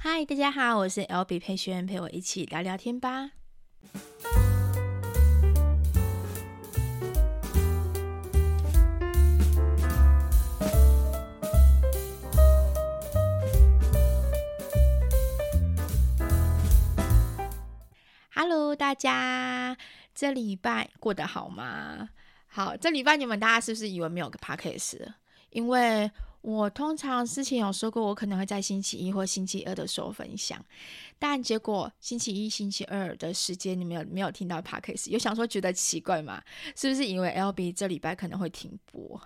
嗨，Hi，大家好，我是 Albee 配，學員，陪我一起聊聊天吧。Hello，大家，這禮拜過得好嗎？好，這禮拜你們大家是不是以為沒有個 podcast？因為。我通常之前有說過，我可能會在星期一或星期二的時候分享，但結果星期一、星期二的時間，你們有沒有聽到 podcast 有想說覺得奇怪嗎？是不是因為 Albee 這禮拜可能會停播？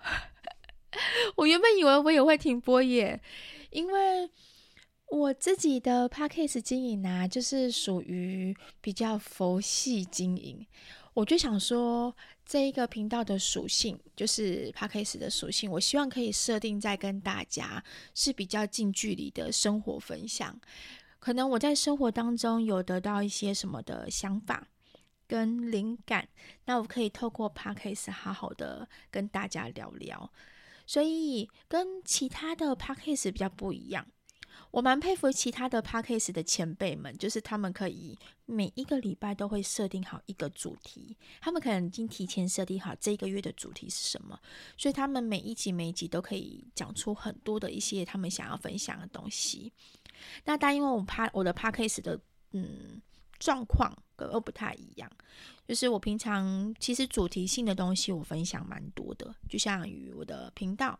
我原本以為我也會停播耶，因為我自己的 podcast 經營啊，就是屬於比較佛系經營，我就想說。這一個頻道的屬性，就是 Podcast 的屬性。我希望可以設定在跟大家是比較近距離的生活分享。可能我在生活當中有得到一些什麼的想法跟靈感，那我可以透過 Podcast 好好的跟大家聊聊。所以跟其他的 Podcast 比較不一樣。我蠻佩服其他的 podcast 的前輩們，就是他們可以每一個禮拜都會設定好一個主題，他們可能已經提前設定好這一個月的主題是什麼，所以他們每一集每一集都可以講出很多的一些他們想要分享的東西。那但因為我 pa 我的 podcast 的，嗯，狀況各個不太一樣，就是我平常其實主題性的東西我分享蠻多的，就像於我的頻道。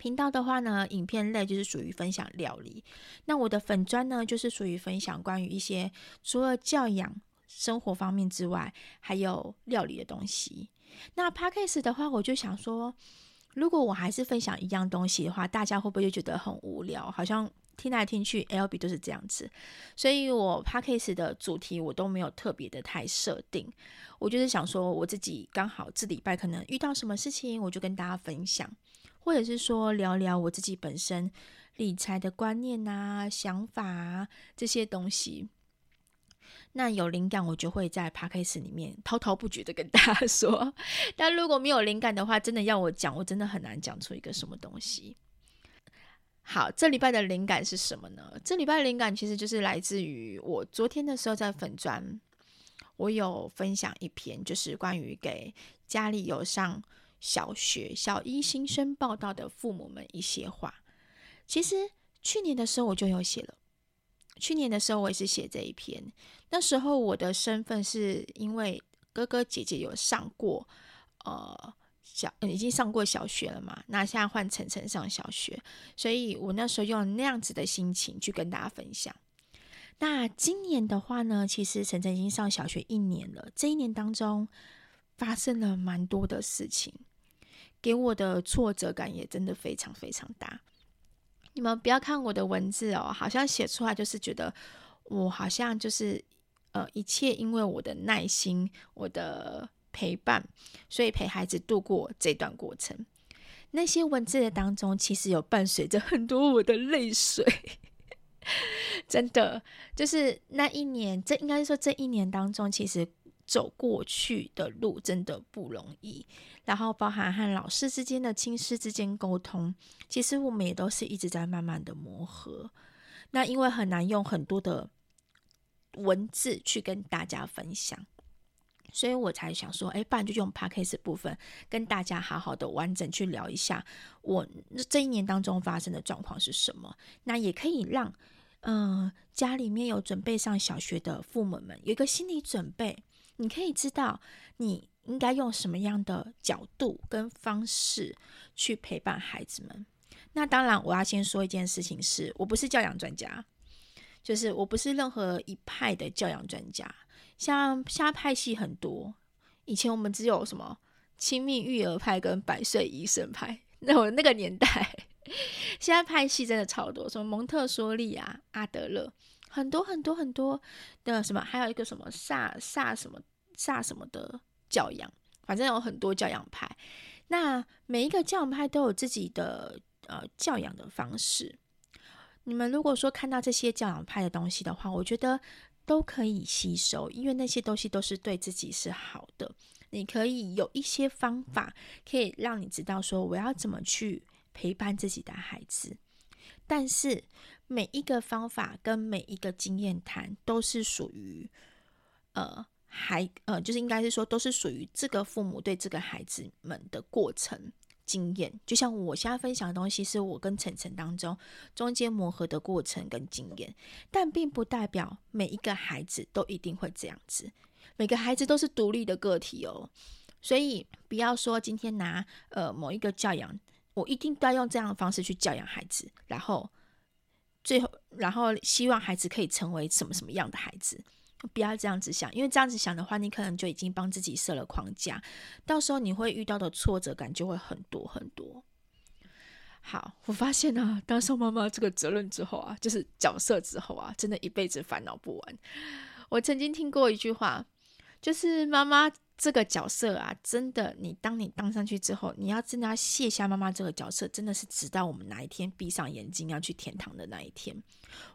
頻道的話呢，影片類就是屬於分享料理。那我的粉磚呢，就是屬於分享關於一些除了教養、生活方面之外，還有料理的東西。那拍 o c a s 的話，我就想說，如果我還是分享一樣東西的話，大家會不會就覺得很無聊？好像聽來聽去，L B 都是這樣子。所以我拍 o c a s 的主題我都沒有特別的太設定，我就是想說，我自己剛好這禮拜可能遇到什麼事情，我就跟大家分享。或者是說聊聊我自己本身理財的觀念啊、想法啊這些東西。那有靈感，我就會在 podcast 裡面滔滔不絕的跟大家說。但如果沒有靈感的話，真的要我講，我真的很難講出一個什麼東西。好，這禮拜的靈感是什麼呢？這禮拜的靈感其實就是來自於我昨天的時候在粉專，我有分享一篇，就是關於給家裡有上。小學小一新生報到的父母們一些話，其實去年的時候我就有寫了，去年的時候我也是寫這一篇，那時候我的身份是因為哥哥姐姐有上過，呃小，呃已經上過小學了嘛，那現在換晨晨上小學，所以我那時候用那樣子的心情去跟大家分享。那今年的話呢，其實晨晨已經上小學一年了，這一年當中發生了蠻多的事情。給我的挫折感也真的非常非常大。你們不要看我的文字哦，好像寫出來就是覺得我好像就是呃，一切因為我的耐心、我的陪伴，所以陪孩子度過這段過程。那些文字的當中，其實有伴隨着很多我的淚水。 真的，就是那一年，這應該是說這一年當中，其實。走過去的路真的不容易，然後包含和老師之間的、親師之間溝通，其實我們也都是一直在慢慢的磨合。那因為很難用很多的文字去跟大家分享，所以我才想說，哎，不然就用 podcast 部分跟大家好好的完整去聊一下我這一年當中發生的狀況是什麼。那也可以讓，嗯，家裡面有準備上小學的父母們有一個心理準備。你可以知道你應該用什麼樣的角度跟方式去陪伴孩子們。那當然，我要先說一件事情，是我不是教養專家，就是我不是任何一派的教養專家。像現在派系很多，以前我們只有什麼親密育兒派跟百歲醫生派，那我那個年代，現在派系真的超多，什麼蒙特梭利啊、阿德勒。很多很多很多的什麼，還有一個什麼薩薩什麼薩什麼的教養，反正有很多教養派。那每一個教養派都有自己的呃教養的方式。你們如果說看到這些教養派的東西的話，我覺得都可以吸收，因為那些東西都是對自己是好的。你可以有一些方法，可以讓你知道說我要怎麼去陪伴自己的孩子，但是。每一個方法跟每一個經驗談，都是屬於呃孩，呃，就是應該是說，都是屬於這個父母對這個孩子們的過程經驗。就像我現在分享的東西，是我跟晨晨當中中間磨合的過程跟經驗，但並不代表每一個孩子都一定會這樣子。每個孩子都是獨立的個體哦，所以不要說今天拿呃某一個教養，我一定都要用這樣的方式去教養孩子，然後。最後，然後希望孩子可以成為什麼什麼樣的孩子，不要這樣子想，因為這樣子想的話，你可能就已經幫自己設了框架，到時候你會遇到的挫折感就會很多很多。好，我發現啊，當上媽媽這個責任之後啊，就是角色之後啊，真的一輩子煩惱不完。我曾經聽過一句話。就是媽媽這個角色啊，真的，你當你當上去之後，你要真的要卸下媽媽這個角色，真的是直到我們哪一天閉上眼睛要去天堂的那一天，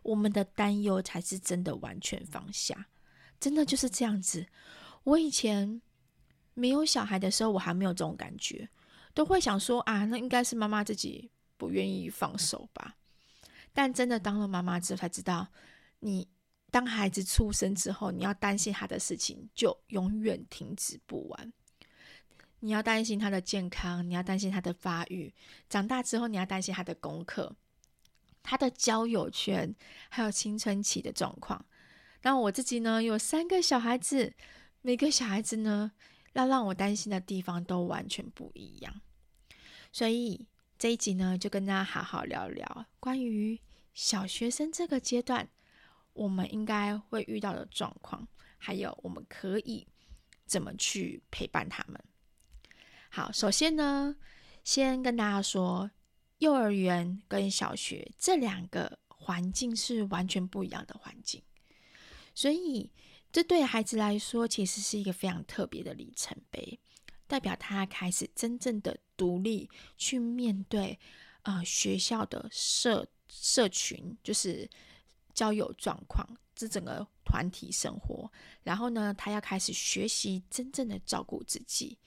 我們的擔憂才是真的完全放下，真的就是這樣子。我以前沒有小孩的時候，我還沒有這種感覺，都會想說啊，那應該是媽媽自己不願意放手吧。但真的當了媽媽之後，才知道你。當孩子出生之後，你要擔心他的事情就永遠停止不完。你要擔心他的健康，你要擔心他的發育，長大之後你要擔心他的功課、他的交友圈，還有青春期的狀況。那我自己呢，有三個小孩子，每個小孩子呢，要讓我擔心的地方都完全不一樣。所以這一集呢，就跟大家好好聊聊關於小學生這個階段。我們應該會遇到的狀況，還有我們可以怎麼去陪伴他們。好，首先呢，先跟大家說，幼兒園跟小學這兩個環境是完全不一樣的環境，所以這對孩子來說其實是一個非常特別的里程碑，代表他開始真正的獨立去面對，呃，學校的社社群就是。交友狀況，這整個團體生活，然後呢，他要開始學習真正的照顧自己，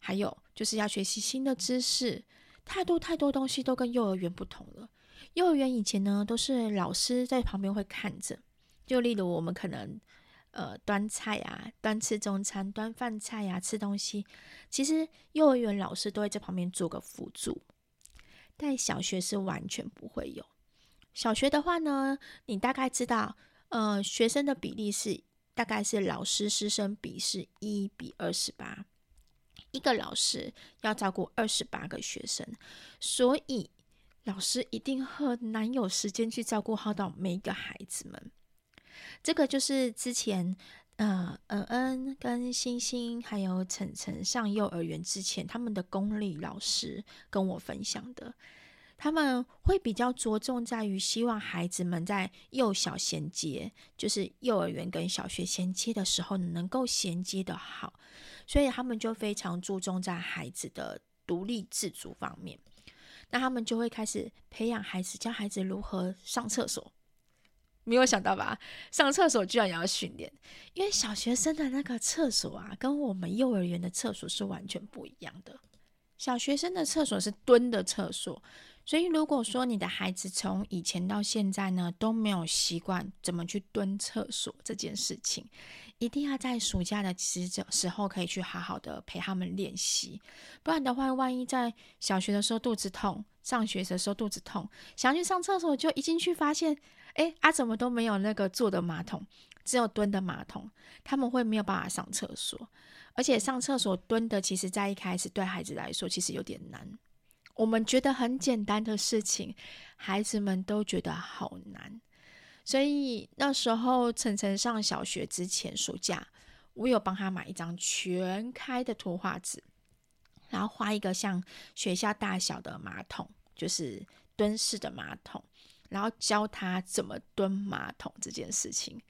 還有就是要學習新的知識，太多太多東西都跟幼兒園不同了。幼兒園以前呢，都是老師在旁邊會看着，就例如我們可能呃端菜啊、端吃中餐、端飯菜呀、啊、吃東西，其實幼兒園老師都在這旁邊做個輔助，但小學是完全不會有。小學的話呢，你大概知道，呃，學生的比例是大概是老師師生比是一比二十八，一個老師要照顧二十八個學生，所以老師一定很難有時間去照顧好到每一個孩子們。這個就是之前，呃，恩恩跟星星還有晨晨上幼兒園之前，他們的公立老師跟我分享的。他們會比較着重在於希望孩子們在幼小銜接，就是幼兒園跟小學銜接的時候能夠銜接得好，所以他們就非常注重在孩子的獨立自主方面。那他們就會開始培養孩子，教孩子如何上廁所。沒有想到吧？上廁所居然也要訓練，因為小學生的那個廁所啊，跟我們幼兒園的廁所是完全不一樣的。小學生的廁所是蹲的廁所。所以，如果說你的孩子從以前到現在呢都沒有習慣怎麼去蹲廁所這件事情，一定要在暑假的時時候可以去好好的陪他們練習。不然的話，萬一在小學的時候肚子痛，上學的時候肚子痛，想要去上廁所就一進去發現，哎，啊，怎麼都沒有那個坐的馬桶，只有蹲的馬桶，他們會沒有辦法上廁所。而且上廁所蹲的，其實，在一開始對孩子來說，其實有點難。我們覺得很簡單的事情，孩子們都覺得好難。所以那時候晨晨上小學之前暑假，我有幫他買一張全開的圖畫紙，然後畫一個像學校大小的馬桶，就是蹲式的馬桶，然後教他怎麼蹲馬桶這件事情。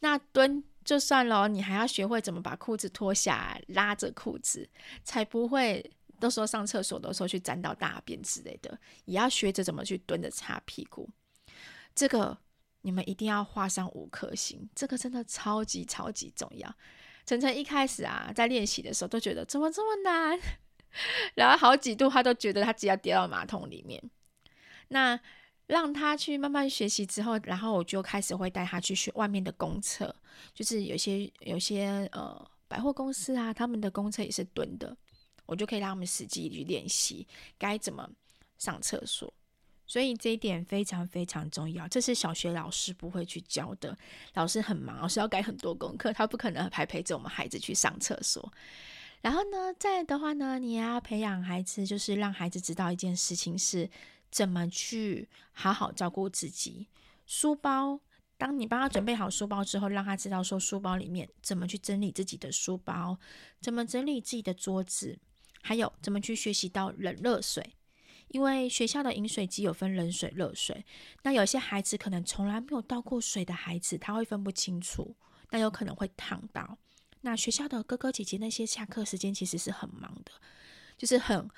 那蹲就算了哦，你還要學會怎麼把褲子脫下，拉着褲子才不會。都說上廁所的時候去沾到大便之類的，也要學着怎麼去蹲着擦屁股。這個你們一定要畫上五顆星，這個真的超級超級重要。晨晨一開始啊，在練習的時候都覺得怎麼這麼難，然後好幾度他都覺得他只要跌到馬桶裡面。那讓他去慢慢學習之後，然後我就開始會帶他去學外面的公廁，就是有些有些呃百貨公司啊，他們的公廁也是蹲的。我就可以讓他們實際去練習該怎麼上廁所，所以這一點非常非常重要。這是小學老師不會去教的，老師很忙，老師要改很多功課，他不可能還陪着我們孩子去上廁所。然後呢，再來的話呢，你也要培養孩子，就是讓孩子知道一件事情是怎麼去好好照顧自己。書包，當你幫他準備好書包之後，讓他知道說書包裡面怎麼去整理自己的書包，怎麼整理自己的桌子。還有怎麼去學習倒冷熱水？因為學校的飲水機有分冷水、熱水。那有些孩子可能從來沒有倒過水的孩子，他會分不清楚，但有可能會燙到。那學校的哥哥姐姐那些下課時間其實是很忙的，就是很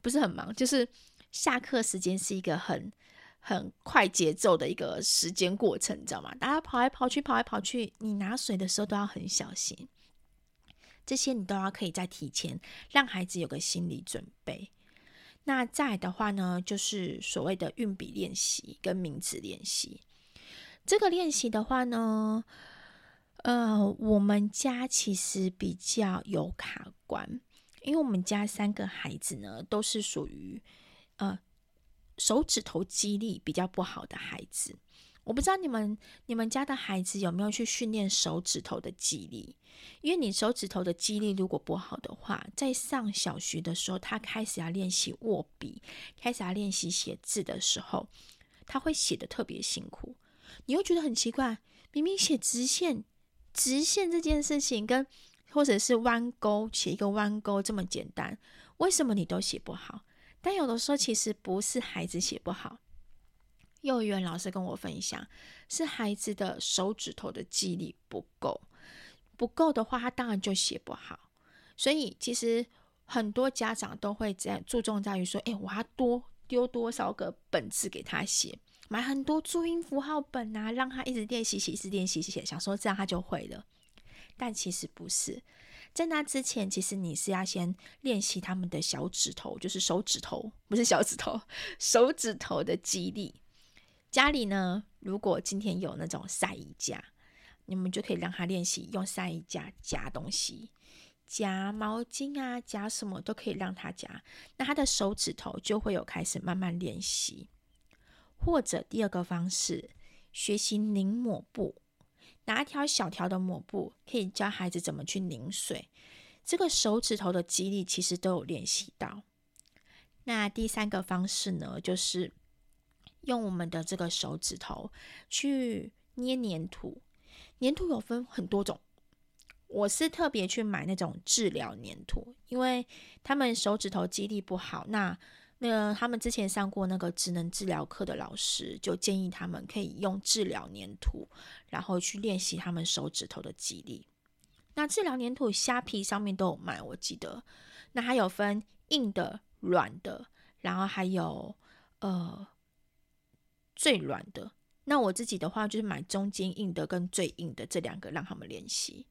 不是很忙，就是下課時間是一個很很快節奏的一個時間過程，你知道嗎？大家跑來跑去，跑來跑去，你拿水的時候都要很小心。這些你都要可以再提前讓孩子有個心理準備。那再的話呢，就是所謂的運筆練習跟名字練習。這個練習的話呢，呃，我們家其實比較有卡關，因為我們家三個孩子呢都是屬於呃手指頭肌力比較不好的孩子。我不知道你們你們家的孩子有沒有去訓練手指頭的肌力，因為你手指頭的肌力如果不好的話，在上小學的時候，他開始要練習握筆，開始要練習寫字的時候，他會寫得特別辛苦。你又覺得很奇怪，明明寫直線，直線這件事情跟或者是彎鈎，寫一個彎鈎這麼簡單，為什麼你都寫不好？但有的時候其實不是孩子寫不好。幼兒園老師跟我分享，是孩子的手指頭的肌力不夠，不夠的話，他當然就寫不好。所以其實很多家長都會在注重在於說，哎，我要多丟多少個本子給他寫，買很多注音符號本啊，讓他一直練習寫一直練習寫，想說這樣他就會了。但其實不是，在那之前，其實你是要先練習他們的小指頭，就是手指頭，不是小指頭，手指頭的肌力。家裡呢，如果今天有那種曬衣架，你們就可以讓他練習用曬衣架夾，夾東西，夾毛巾啊，夾什麼都可以讓他夾。那他的手指頭就會有開始慢慢練習。或者第二個方式，學習擰抹布，拿一條小條的抹布，可以教孩子怎麼去擰水。這個手指頭的肌力其實都有練習到。那第三個方式呢，就是。用我們的這個手指頭去捏粘土粘土有分很多種，我是特別去買那種治療粘土因為他們手指頭肌力不好，那那他們之前上過那個職能治療課的老師就建議他們可以用治療粘土然後去練習他們手指頭的肌力。那治療粘土蝦皮上面都有賣，我記得。那還有分硬的、軟的，然後還有呃。最軟的，那我自己的話就是買中間硬的跟最硬的這兩個，讓他們練習。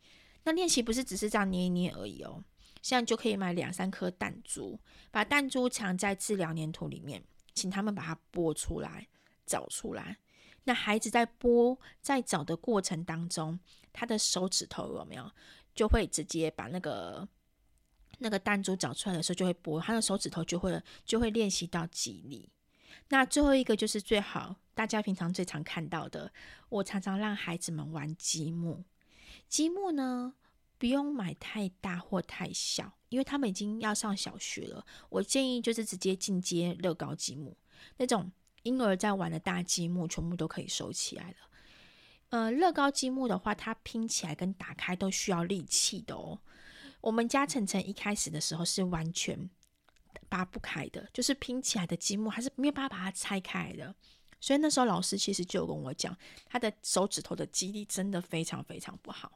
那練習不是只是這樣捏一捏而已哦。現在就可以買兩三顆彈珠，把彈珠藏在治療粘土裡面，請他們把它剝出來、找出來。那孩子在剝在找的過程當中，他的手指頭有沒有就會直接把那個那個彈珠找出來的時候就會剝，他的手指頭就會就會練習到肌力。那最後一個就是最好。大家平常最常看到的，我常常讓孩子們玩積木。積木呢，不用買太大或太小，因為他們已經要上小學了。我建議就是直接進階樂高積木，那種嬰兒在玩的大積木，全部都可以收起來了。呃，樂高積木的話，它拼起來跟打開都需要力氣的哦。我們家晨晨一開始的時候是完全拔不開的，就是拼起來的積木還是沒有辦法把它拆開的。所以那時候老師其實就跟我講，他的手指頭的肌力真的非常非常不好。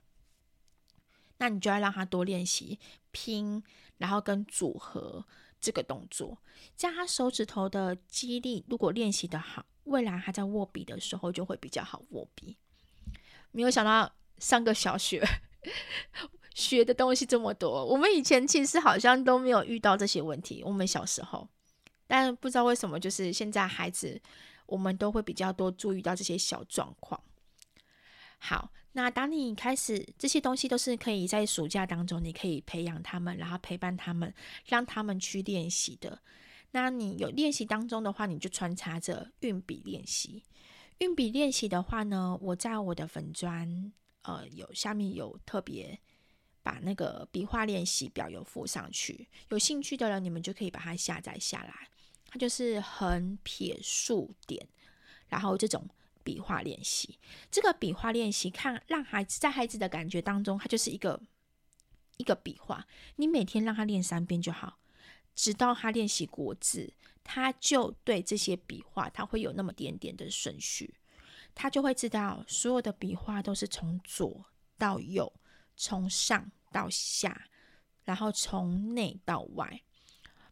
那你就要讓他多練習拼，然後跟組合這個動作，將他手指頭的肌力如果練習得好，未來他在握筆的時候就會比較好握筆。沒有想到上個小學學的東西這麼多，我們以前其實好像都沒有遇到這些問題，我們小時候，但不知道為什麼，就是現在孩子。我們都會比較多注意到這些小狀況。好，那當你開始這些東西都是可以在暑假當中，你可以培養他們，然後陪伴他們，讓他們去練習的。那你有練習當中的話，你就穿插着運筆練習。運筆練習的話呢，我在我的粉專呃有下面有特別把那個筆畫練習表有附上去，有興趣的人你們就可以把它下載下來。就是橫撇豎點，然後這種筆畫練習，這個筆畫練習看讓孩子在孩子的感覺當中，他就是一個一個筆畫。你每天讓他練三遍就好，直到他練習國字，他就對這些筆畫，他會有那麼點點的順序，他就會知道所有的筆畫都是從左到右，從上到下，然後從內到外。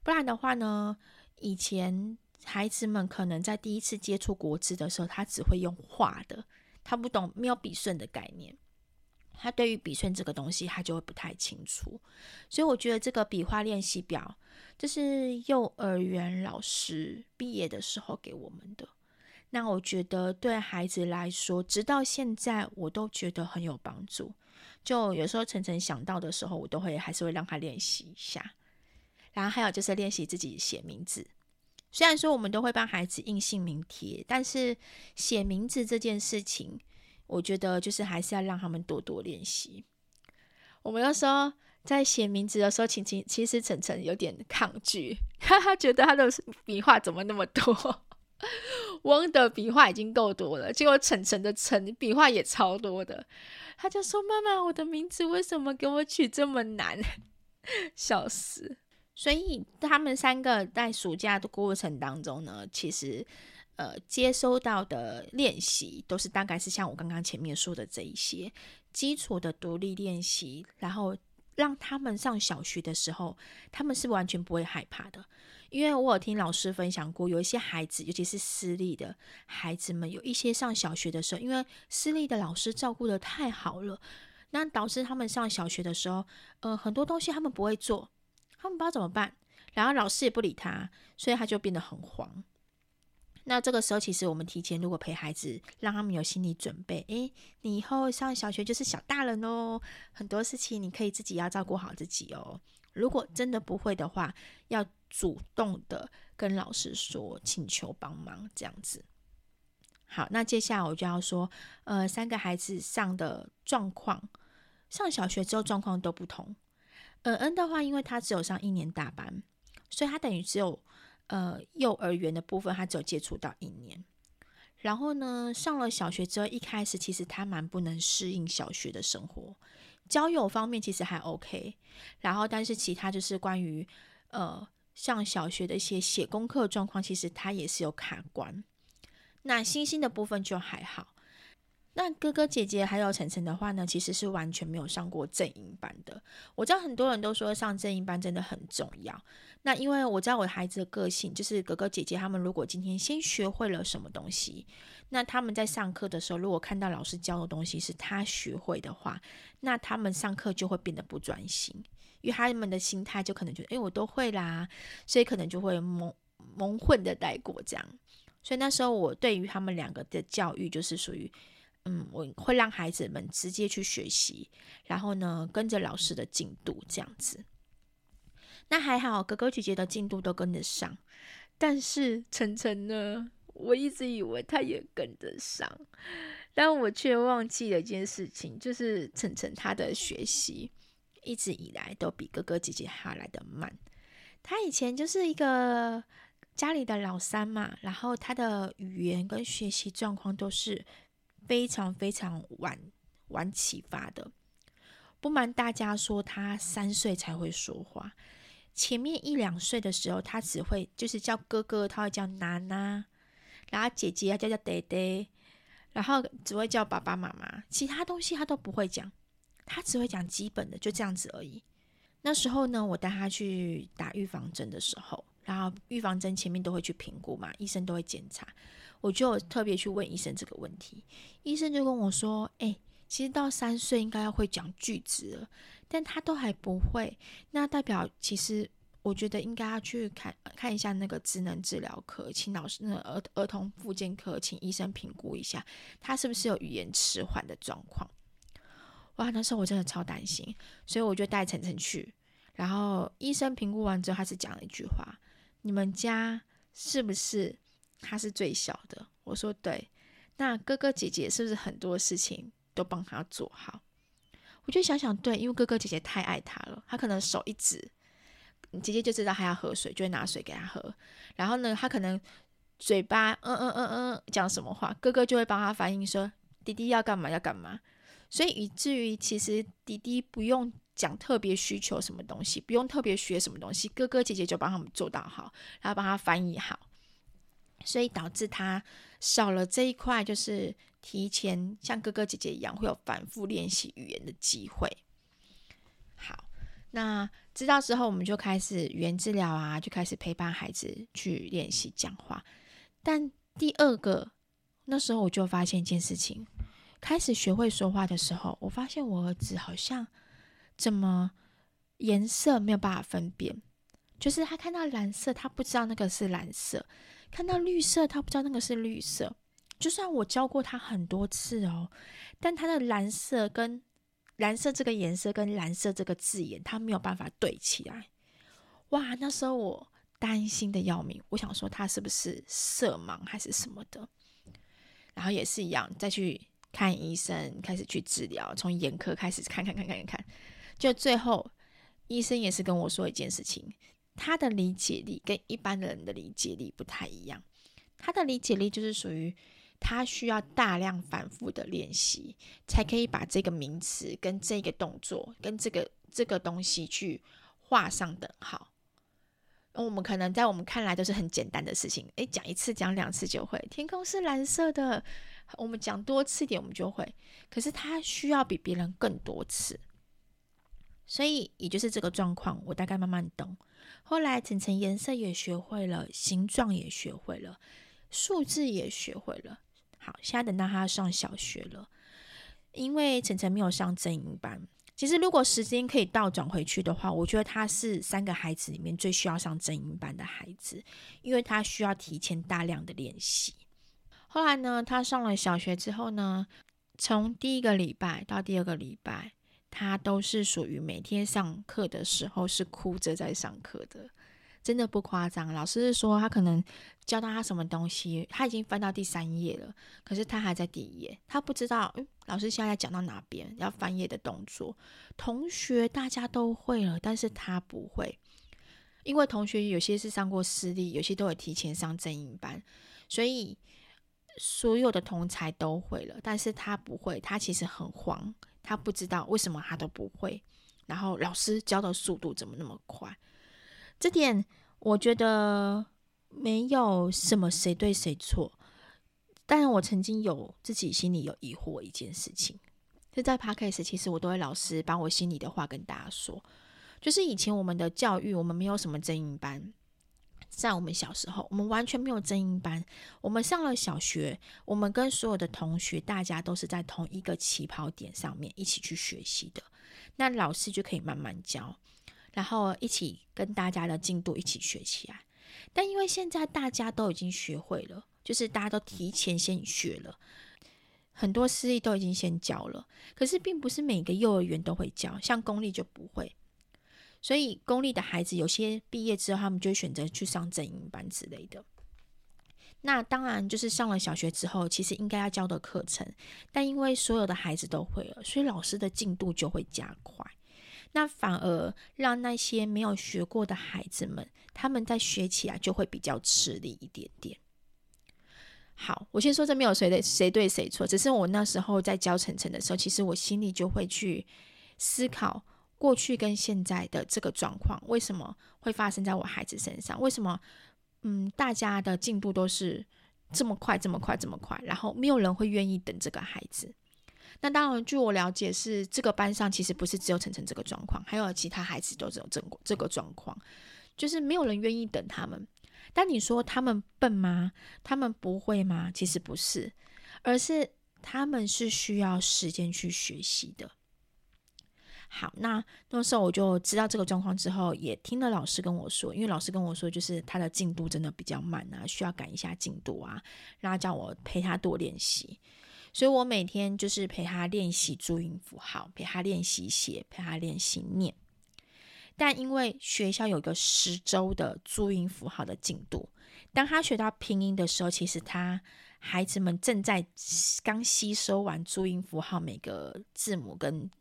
不然的話呢？以前孩子們可能在第一次接觸國字的時候，他只會用畫的，他不懂沒有筆順的概念，他對於筆順這個東西他就會不太清楚。所以我覺得這個筆畫練習表，這是幼兒園老師畢業的時候給我們的。那我覺得對孩子來說，直到現在我都覺得很有幫助。就有時候晨晨想到的時候，我都會還是會讓他練習一下。然後還有就是練習自己寫名字。雖然說我們都會幫孩子印姓名貼，但是寫名字這件事情，我覺得就是還是要讓他們多多練習。我們說在寫名字的時候，其其實晨晨有點抗拒，因為他覺得他的筆畫怎麼那麼多，汪的筆畫已經夠多了，結果晨晨的晨筆畫也超多的，他就說：“媽媽，我的名字為什麼給我取這麼難？”笑死！所以他們三個在暑假的過程當中呢，其實，呃，接收到的練習都是大概是像我剛剛前面說的這一些基礎的獨立練習，然後讓他們上小學的時候，他們是完全不會害怕的。因為我有聽老師分享過，有一些孩子，尤其是私立的孩子們，有一些上小學的時候，因為私立的老師照顧得太好了，那導致他們上小學的時候，呃，很多東西他們不會做。他們不知道怎麼辦，然後老師也不理他，所以他就變得很慌。那這個時候，其實我們提前如果陪孩子，讓他們有心理準備，誒，你以後上小學就是小大人哦，很多事情你可以自己要照顧好自己哦。如果真的不會的話，要主動的跟老師說，請求幫忙，這樣子。好，那接下來我就要說，呃，三個孩子上的狀況，上小學之後狀況都不同。呃嗯，嗯的話，因為他只有上一年大班，所以他等於只有呃幼兒園的部分，他只有接觸到一年。然後呢，上了小學之後，一開始其實他蠻不能適應小學的生活，交友方面其實還 OK。然後，但是其他就是關於呃，像小學的一些寫功課狀況，其實他也是有卡關。那星星的部分就還好。那哥哥姐姐還有晨晨的話呢，其實是完全沒有上過正音班的。我知道很多人都說上正音班真的很重要。那因為我知道我孩子的個性，就是哥哥姐姐他們如果今天先學會了什麼東西，那他們在上課的時候，如果看到老師教的東西是他學會的話，那他們上課就會變得不專心，因為他們的心態就可能就誒、欸，我都會啦，所以可能就會蒙蒙混的帶過這樣。所以那時候我對於他們兩個的教育就是屬於。嗯，我會讓孩子們直接去學習，然後呢，跟着老師的進度這樣子。那還好，哥哥姐姐的進度都跟得上，但是晨晨呢，我一直以為他也跟得上，但我卻忘記了一件事情，就是晨晨他的學習一直以來都比哥哥姐姐還要來得慢。他以前就是一個家裡的老三嘛，然後他的語言跟學習狀況都是。非常非常晚晚啟發的，不瞞大家說，他三歲才會說話。前面一兩歲的時候，他只會就是叫哥哥，他會叫奶奶，然後姐姐要叫叫爹爹，然後只會叫爸爸媽媽，其他東西他都不會講，他只會講基本的，就這樣子而已。那時候呢，我帶他去打預防針的時候，然後預防針前面都會去評估嘛，醫生都會檢查。我就特別去問醫生這個問題，醫生就跟我說：“哎、欸，其實到三歲應該要會講句子了，但他都還不會，那代表其實我覺得應該要去看看一下那個職能治療科，請老師、那兒兒童復健科請醫生評估一下，他是不是有語言遲緩的狀況？哇，那時候我真的超擔心，所以我就帶晨晨去，然後醫生評估完之後，他是講了一句話：你們家是不是？”他是最小的，我說對，那哥哥姐姐是不是很多事情都幫他做好？我就想想，對，因為哥哥姐姐太愛他了，他可能手一指，姐姐就知道他要喝水，就會拿水給他喝。然後呢，他可能嘴巴嗯嗯嗯嗯講什麼話，哥哥就會幫他翻譯，說弟弟要幹嘛要幹嘛。所以以至於其實弟弟不用講特別需求什麼東西，不用特別學什麼東西，哥哥姐姐就幫他們做到好，然後幫他翻譯好。所以導致他少了這一塊，就是提前像哥哥姐姐一樣會有反覆練習語言的機會。好，那知道之後，我們就開始語言治療啊，就開始陪伴孩子去練習講話。但第二個那時候，我就發現一件事情：開始學會說話的時候，我發現我兒子好像怎麼顏色沒有辦法分辨，就是他看到藍色，他不知道那個是藍色。看到綠色，他不知道那個是綠色。就算我教過他很多次哦，但他的藍色跟藍色這個顏色跟藍色這個字眼，他沒有辦法對起來。哇，那時候我擔心得要命，我想說他是不是色盲還是什麼的。然後也是一樣，再去看醫生，開始去治療，從眼科開始看看看看看，就最後醫生也是跟我說一件事情。他的理解力跟一般人的理解力不太一樣。他的理解力就是屬於他需要大量反覆的練習，才可以把這個名詞跟這個動作跟這個這個東西去畫上等號。那我們可能在我們看來都是很簡單的事情，誒、欸，講一次、講兩次就會。天空是藍色的，我們講多次點，我們就會。可是他需要比別人更多次。所以，也就是這個狀況，我大概慢慢懂。後來，晨晨顏色也學會了，形狀也學會了，數字也學會了。好，現在等到他上小學了，因為晨晨沒有上正音班。其實，如果時間可以倒轉回去的話，我覺得他是三個孩子裡面最需要上正音班的孩子，因為他需要提前大量的練習。後來呢，他上了小學之後呢，從第一個禮拜到第二個禮拜，他都是屬於每天上課的時候是哭着在上課的，真的不誇張。老師是說他可能教到他什麼東西，他已經翻到第三頁了，可是他還在第一頁，他不知道、嗯、老師現在講到哪邊，要翻頁的動作。同學大家都會了，但是他不會，因為同學有些是上過私立，有些都有提前上正音班，所以所有的同儕都會了，但是他不會，他其實很慌。他不知道為什麼他都不會，然後老師教的速度怎麼那麼快？這點我覺得沒有什麼誰對誰錯。當然，我曾經有自己心裡有疑惑一件事情，就在 Podcast，其實我都會老實把我心裡的話跟大家說。就是以前我們的教育，我們沒有什麼正音班。在我們小時候，我們完全沒有正音班。我們上了小學，我們跟所有的同學，大家都是在同一個起跑點上面一起去學習的。那老師就可以慢慢教，然後一起跟大家的進度一起學起來。但因為現在大家都已經學會了，就是大家都提前先學了，很多私立都已經先教了。可是並不是每個幼兒園都會教，像公立就不會。所以，公立的孩子有些畢業之後，他們就選擇去上正音班之類的。那當然，就是上了小學之後，其實應該要教的課程，但因為所有的孩子都會了，所以老師的進度就會加快。那反而讓那些沒有學過的孩子們，他們在學起來就會比較吃力一點點。好，我先說這沒有誰對誰對誰錯，只是我那時候在教晨晨的時候，其實我心裡就會去思考。過去跟現在的這個狀況，為什麼會發生在我孩子身上？為什麼，嗯，大家的進步都是這麼快，這麼快，這麼快，然後沒有人會願意等這個孩子。那當然，據我了解是，是這個班上其實不是只有晨晨這個狀況，還有其他孩子都只有這個、個、這個狀況，就是沒有人願意等他們。但你說他們笨嗎？他們不會嗎？其實不是，而是他們是需要時間去學習的。好，那那時候我就知道這個狀況之後，也聽了老師跟我說，因為老師跟我說，就是他的進度真的比較慢啊，需要趕一下進度啊，然後叫我陪他多練習。所以我每天就是陪他練習注音符號，陪他練習寫，陪他練習念。但因為學校有一個十週的注音符號的進度，當他學到拼音的時候，其實他孩子們正在剛吸收完注音符號每個字母跟。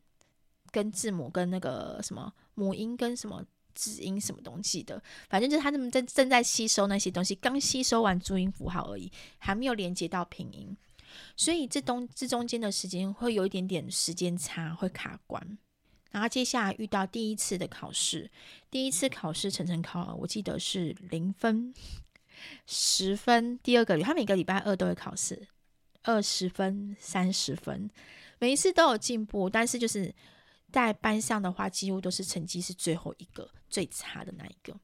跟字母、跟那個什麼母音、跟什麼子音什麼東西的，反正就是他那麼正正在吸收那些東西，剛吸收完注音符號而已，還沒有連接到拼音，所以這東這中間的時間會有一點點時間差，會卡關。然後接下來遇到第一次的考試，第一次考試晨晨考我記得是零分、十分。第二個禮他每個禮拜二都會考試，二十分、三十分，每一次都有進步，但是就是。在班上的話，幾乎都是成績是最後一個最差的那一個。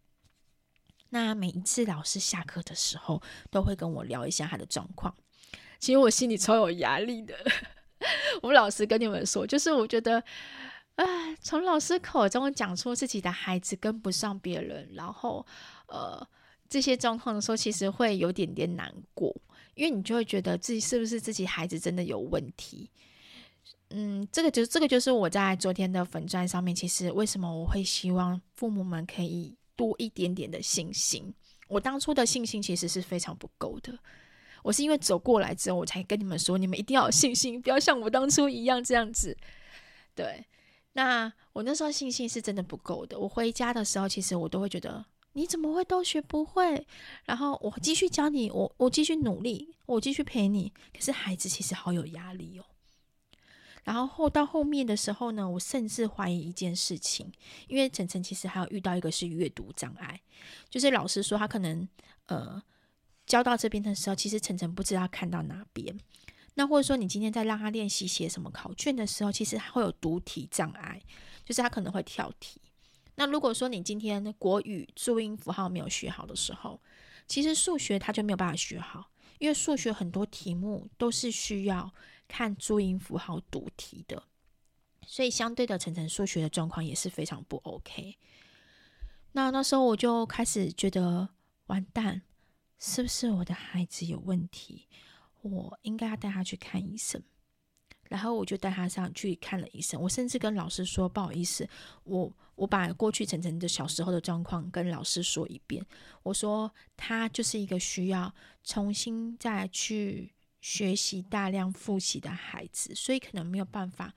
那每一次老師下課的時候，都會跟我聊一下他的狀況。其實我心裡超有壓力的。 我老實跟你們說，就是我覺得，啊、呃，從老師口中講出自己的孩子跟不上別人，然後呃這些狀況的時候，其實會有點點難過，因為你就會覺得自己是不是自己孩子真的有問題。嗯，這個就是這個就是我在昨天的粉專，上面，其實為什麼我會希望父母們可以多一點點的信心？我當初的信心其實是非常不夠的。我是因為走過來之後，我才跟你們說，你們一定要有信心，不要像我當初一樣這樣子。對，那我那時候信心是真的不夠的。我回家的時候，其實我都會覺得你怎麼會都學不會？然後我繼續教你，我我繼續努力，我繼續陪你。可是孩子其實好有壓力哦。然後，後到後面的時候呢，我甚至懷疑一件事情，因為晨晨其實還有遇到一個是閱讀障礙，就是老師說他可能呃教到這邊的時候，其實晨晨不知道看到哪邊。那或者說你今天在讓他練習寫什麼考卷的時候，其實會有讀題障礙，就是他可能會跳題。那如果說你今天國語注音符號沒有學好的時候，其實數學他就沒有辦法學好，因為數學很多題目都是需要。看注音符號讀題的，所以相對的，晨晨數學的狀況也是非常不 OK。那那時候我就開始覺得完蛋，是不是我的孩子有問題？我應該要帶他去看醫生。然後我就帶他上去看了醫生，我甚至跟老師說：“不好意思，我我把過去晨晨的小時候的狀況跟老師說一遍。”我說：“他就是一個需要重新再去。”學習大量複習的孩子，所以可能沒有辦法，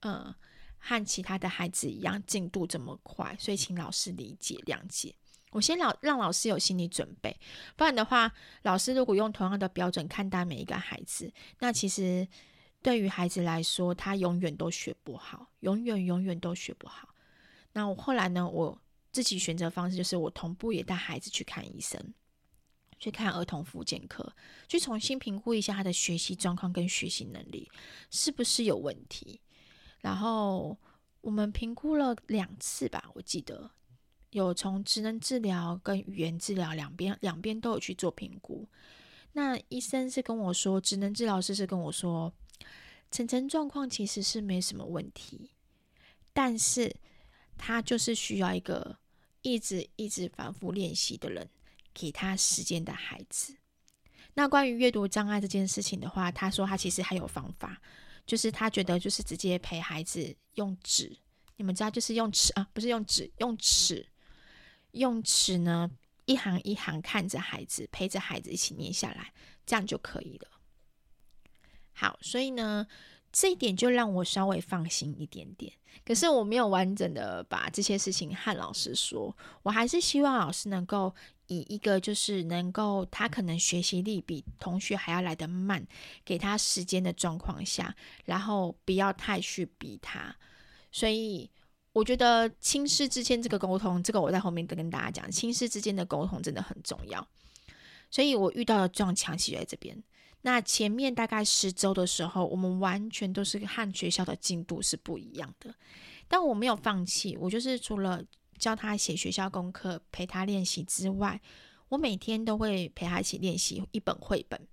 嗯，和其他的孩子一樣進度這麼快，所以請老師理解、諒解。我先老讓老師有心理準備，不然的話，老師如果用同樣的標準看待每一個孩子，那其實對於孩子來說，他永遠都學不好，永遠永遠都學不好。那我後來呢，我自己選擇方式就是我同步也帶孩子去看醫生。去看兒童復健科，去重新評估一下他的學習狀況跟學習能力是不是有問題。然後我們評估了兩次吧，我記得有從職能治療跟語言治療兩邊兩邊都有去做評估。那醫生是跟我說，職能治療師是跟我說，晨晨狀況其實是沒什麼問題，但是他就是需要一個一直一直反覆練習的人。給他時間的孩子。那關於閱讀障礙這件事情的話，他說他其實還有方法，就是他覺得就是直接陪孩子用紙，你們知道就是用尺啊，不是用紙，用尺，用尺呢一行一行看着孩子，陪着孩子一起念下來，這樣就可以了。好，所以呢。這一點就讓我稍微放心一點點，可是我沒有完整的把這些事情和老師說，我還是希望老師能夠以一個就是能夠他可能學習力比同學還要來得慢，給他時間的狀況下，然後不要太去逼他，所以我覺得親師之間這個溝通，這個我在後面都跟大家講，親師之間的溝通真的很重要，所以我遇到了撞牆其實在這邊。那前面大概十週的時候，我們完全都是和學校的進度是不一樣的，但我沒有放棄。我就是除了教他寫學校功課、陪他練習之外，我每天都會陪他一起練習一本繪本。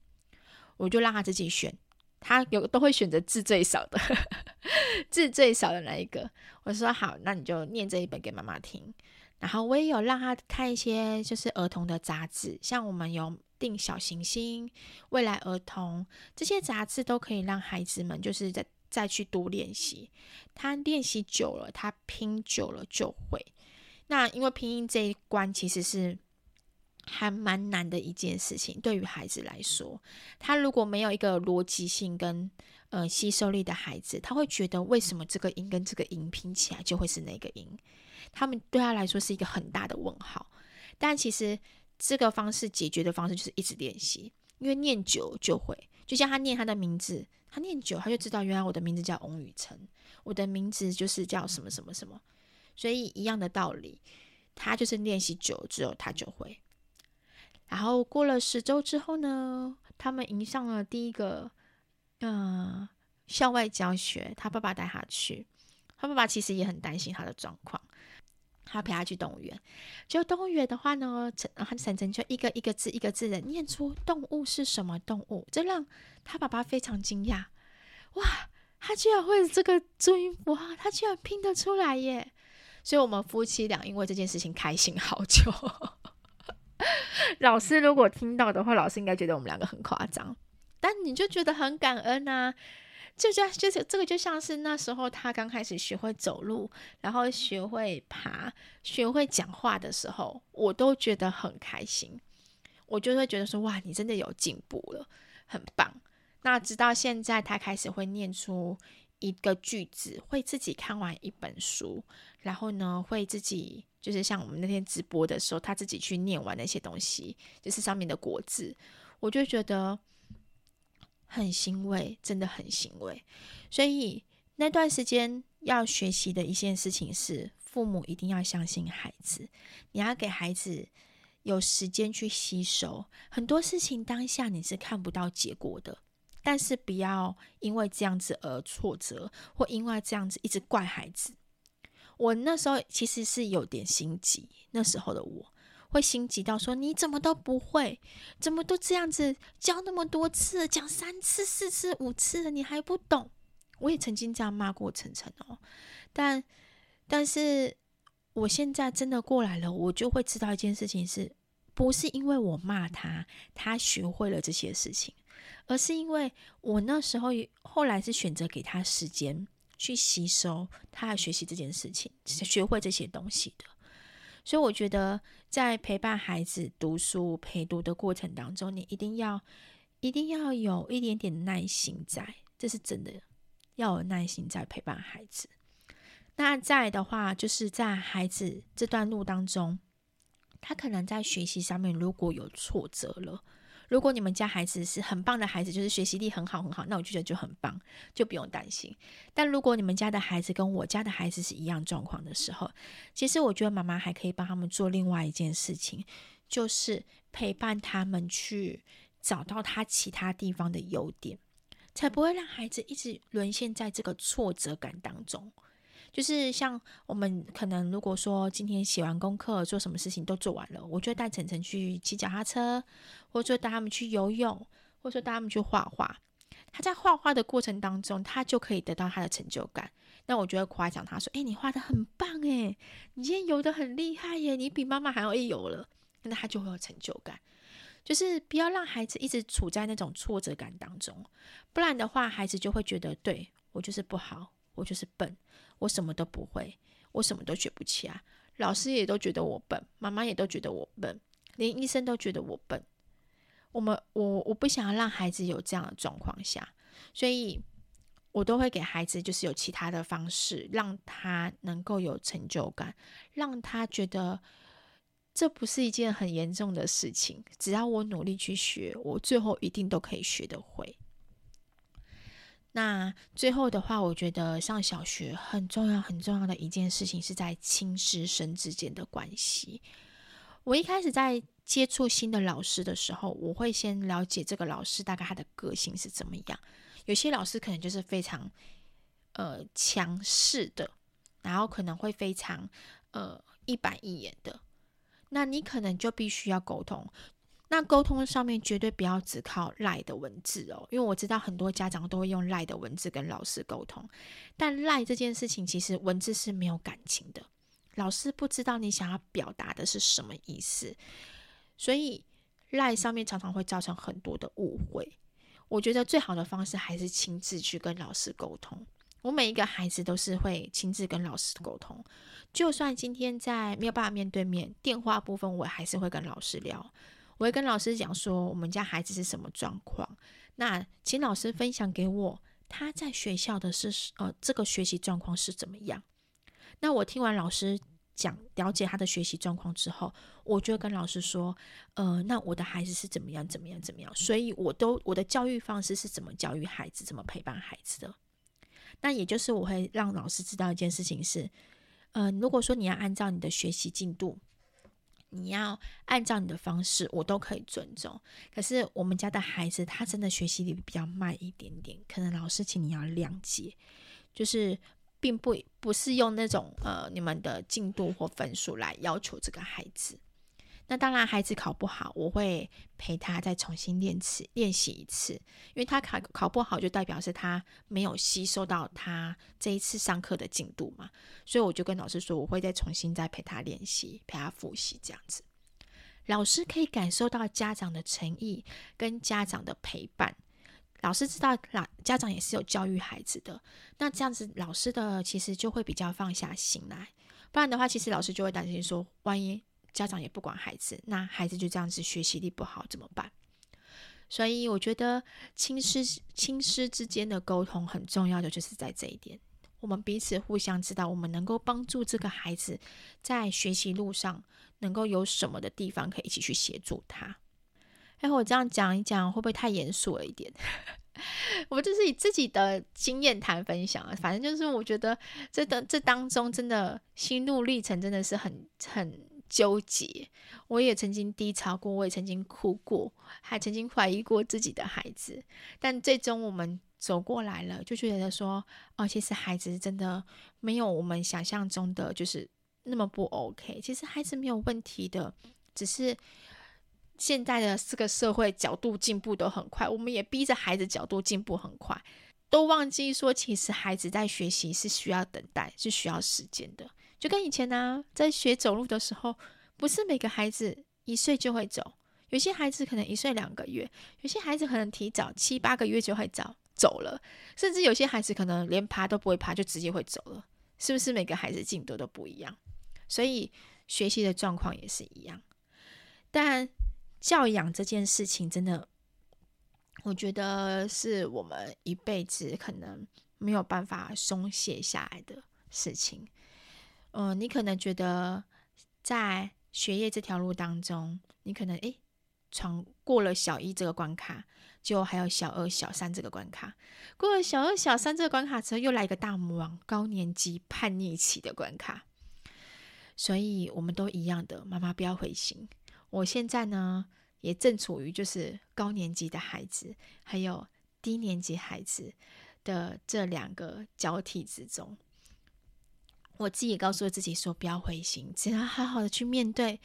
我就讓他自己選，他有都會選擇字最少的呵呵、字最少的那一個。我說好，那你就念這一本給媽媽聽。然後我也有讓他看一些就是兒童的雜誌，像我們有。《定小行星》《未來兒童》這些雜誌都可以讓孩子們，就是再再，再去多練習。他練習久了，他拼久了就會。那因為拼音這一關其實是還蠻難的一件事情，對於孩子來說，他如果沒有一個邏輯性跟呃吸收力的孩子，他會覺得為什麼這個音跟這個音拼起來就會是那個音？他們對他來說是一個很大的問號。但其實。這個方式解決的方式就是一直練習，因為念久就會。就像他念他的名字，他念久他就知道，原來我的名字叫翁宇晨，我的名字就是叫什麼什麼什麼。所以一樣的道理，他就是練習久之後他就會。然後過了十周之後呢，他們迎上了第一個嗯、呃、校外教學，他爸爸帶他去，他爸爸其實也很擔心他的狀況。他要陪他去動物園。結果動物園的話呢，晨，然後晨晨就一個一個字一個字的念出動物是什麼動物，這讓他爸爸非常驚訝。哇，他居然會有這個注音符號，哇，他居然拼得出來耶！所以我們夫妻倆因為這件事情開心好久。 老師如果聽到的話，老師應該覺得我們兩個很誇張，但你就覺得很感恩啊。就像就是這個，就像是那時候他剛開始學會走路，然後學會爬，學會講話的時候，我都覺得很開心。我就會覺得說：“哇，你真的有進步了，很棒。”那直到現在，他開始會念出一個句子，會自己看完一本書，然後呢，會自己就是像我們那天直播的時候，他自己去念完那些東西，就是上面的國字，我就覺得。很欣慰，真的很欣慰。所以那段時間要學習的一件事情是，父母一定要相信孩子，你要給孩子有時間去吸收很多事情。當下你是看不到結果的，但是不要因為這樣子而挫折，或因為這樣子一直怪孩子。我那時候其實是有點心急，那時候的我。會心急到說：“你怎麼都不會？怎麼都這樣子？教那麼多次，講三次、四次、五次了，你還不懂？”我也曾經這樣罵過晨晨哦，但但是我現在真的過來了，我就會知道一件事情是：是不是因為我罵他，他學會了這些事情，而是因為我那時候後來是選擇給他時間去吸收，他學習這件事情，學會這些東西的。所以我覺得，在陪伴孩子讀書陪讀的過程當中，你一定要，一定要有一點點耐心在，這是真的，要有耐心在陪伴孩子。那在的話，就是在孩子這段路當中，他可能在學習上面如果有挫折了。如果你們家孩子是很棒的孩子，就是學習力很好很好，那我覺得就很棒，就不用擔心。但如果你們家的孩子跟我家的孩子是一樣狀況的時候，其實我覺得媽媽還可以幫他們做另外一件事情，就是陪伴他們去找到他其他地方的優點，才不會讓孩子一直淪陷在這個挫折感當中。就是像我們可能如果說今天寫完功課，做什麼事情都做完了，我就帶晨晨去騎腳踏車，或者說帶他們去游泳，或者說帶他們去畫畫。他在畫畫的過程當中，他就可以得到他的成就感。那我就會誇獎他說：“哎、欸，你畫得很棒誒，你今天游得很厲害耶！你比媽媽還要會游了。”那他就會有成就感。就是不要讓孩子一直處在那種挫折感當中，不然的話，孩子就會覺得：“對我就是不好，我就是笨。”我什麼都不會，我什麼都學不起啊，老師也都覺得我笨，媽媽也都覺得我笨，連醫生都覺得我笨。我們我我不想要讓孩子有這樣的狀況下，所以我都會給孩子就是有其他的方式，讓他能夠有成就感，讓他覺得這不是一件很嚴重的事情。只要我努力去學，我最後一定都可以學得會。那最後的話，我覺得上小學很重要，很重要的一件事情是在親師生之間的關係。我一開始在接觸新的老師的時候，我會先了解這個老師大概他的個性是怎麼樣。有些老師可能就是非常，呃強勢的，然後可能會非常呃一板一眼的，那你可能就必須要溝通。那溝通上面絕對不要只靠賴的文字哦，因為我知道很多家長都會用賴的文字跟老師溝通，但賴這件事情其實文字是沒有感情的，老師不知道你想要表達的是什麼意思，所以賴上面常常會造成很多的誤會。我覺得最好的方式還是親自去跟老師溝通。我每一個孩子都是會親自跟老師溝通，就算今天在沒有辦法面對面，電話部分我還是會跟老師聊。我會跟老師講說，我們家孩子是什麼狀況。那請老師分享給我，他在學校的是呃，這個學習狀況是怎麼樣。那我聽完老師講，了解他的學習狀況之後，我就會跟老師說，呃，那我的孩子是怎麼樣，怎麼樣，怎麼樣。所以我都我的教育方式是怎麼教育孩子，怎麼陪伴孩子的？那也就是我會讓老師知道一件事情是，呃，如果說你要按照你的學習進度。你要按照你的方式，我都可以尊重。可是我們家的孩子，他真的學習力比較慢一點點，可能老師請你要諒解，就是並不不是用那種呃，你們的進度或分數來要求這個孩子。那當然，孩子考不好，我會陪他再重新練次練習一次，因為他考考不好，就代表是他沒有吸收到他這一次上課的進度嘛。所以我就跟老師說，我會再重新再陪他練習，陪他複習這樣子。老師可以感受到家長的誠意跟家長的陪伴，老師知道老家長也是有教育孩子的，那這樣子老師的其實就會比較放下心來，不然的話，其實老師就會擔心說，萬一。家長也不管孩子，那孩子就這樣子學習力不好怎麼辦？所以我覺得親師親師之間的溝通很重要的，就是在這一點，我們彼此互相知道，我們能夠幫助這個孩子在學習路上能夠有什麼的地方可以一起去協助他。哎，我這樣講一講會不會太嚴肅了一點？ 我就是以自己的經驗談分享啊，反正就是我覺得這當這當中真的心路歷程真的是很很。糾結，我也曾經低潮過，我也曾經哭過，還曾經懷疑過自己的孩子。但最終我們走過來了，就覺得說，哦，其實孩子真的沒有我們想象中的就是那麼不 OK。其實孩子沒有問題的，只是現在的這個社會角度進步都很快，我們也逼着孩子角度進步很快，都忘記說，其實孩子在學習是需要等待，是需要時間的。就跟以前呢、啊，在學走路的時候，不是每個孩子一歲就會走，有些孩子可能一歲兩個月，有些孩子可能提早七八個月就會走走了，甚至有些孩子可能連爬都不會爬，就直接會走了。是不是每個孩子進度都不一樣？所以學習的狀況也是一樣。但教養這件事情，真的，我覺得是我們一輩子可能沒有辦法鬆懈下來的事情。嗯，你可能覺得在學業這條路當中，你可能哎闖過了小一這個關卡，就還有小二、小三這個關卡。過了小二、小三這個關卡之後，又來一個大魔王——高年級叛逆期的關卡。所以我們都一樣的，媽媽不要灰心。我現在呢，也正處於就是高年級的孩子還有低年級孩子的這兩個交替之中。我自己也告訴我自己說，不要灰心，只要好好的去面對，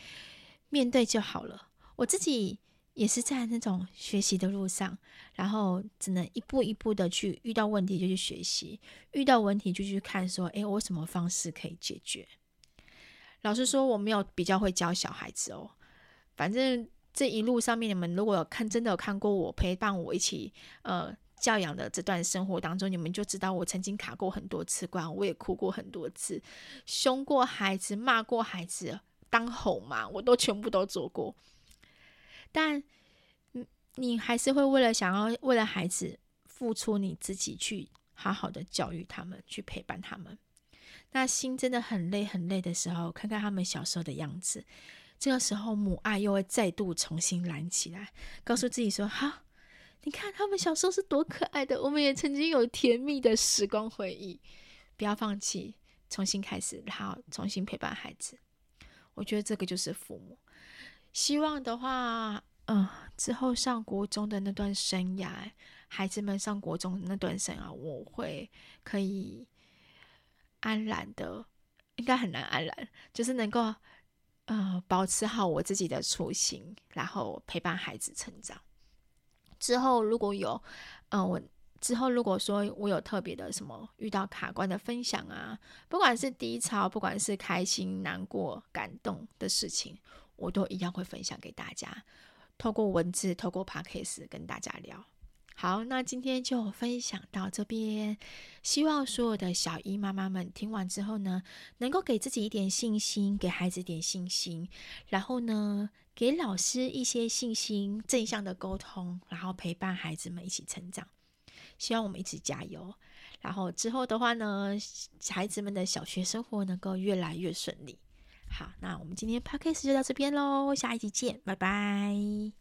面對就好了。我自己也是在那種學習的路上，然後只能一步一步的去遇到問題就去學習，遇到問題就去看說，哎，我什麼方式可以解決？老實說，我沒有比較會教小孩子哦。反正這一路上面，你們如果有看，真的有看過我陪伴我一起，呃。教養的這段生活當中，你們就知道我曾經卡過很多次關，我也哭過很多次，凶過孩子，罵過孩子，當吼媽，我都全部都做過。但，你還是會為了想要為了孩子付出你自己，去好好的教育他們，去陪伴他們。那心真的很累很累的時候，看看他們小時候的樣子，這個時候母愛又會再度重新燃起來，告訴自己說哈！嗯你看他們小時候是多可愛的，我們也曾經有甜蜜的時光回憶。不要放棄，重新開始，然後重新陪伴孩子。我覺得這個就是父母希望的話。嗯、呃，之後上國中的那段生涯，孩子們上國中的那段生涯，我會可以安然的，應該很難安然，就是能夠呃保持好我自己的初心，然後陪伴孩子成長。之後如果有，嗯、呃，我之後如果說我有特別的什麼遇到卡關的分享啊，不管是低潮，不管是開心、難過、感動的事情，我都一樣會分享給大家。透過文字，透過 Podcast 跟大家聊。好，那今天就分享到這邊。希望所有的小一媽媽們聽完之後呢，能夠給自己一點信心，給孩子一點信心，然後呢。給老師一些信心，正向的溝通，然後陪伴孩子們一起成長。希望我們一直加油，然後之後的話呢，孩子們的小學生活能夠越來越順利。好，那我們今天 podcast 就到這邊嘍，下一集見，拜拜。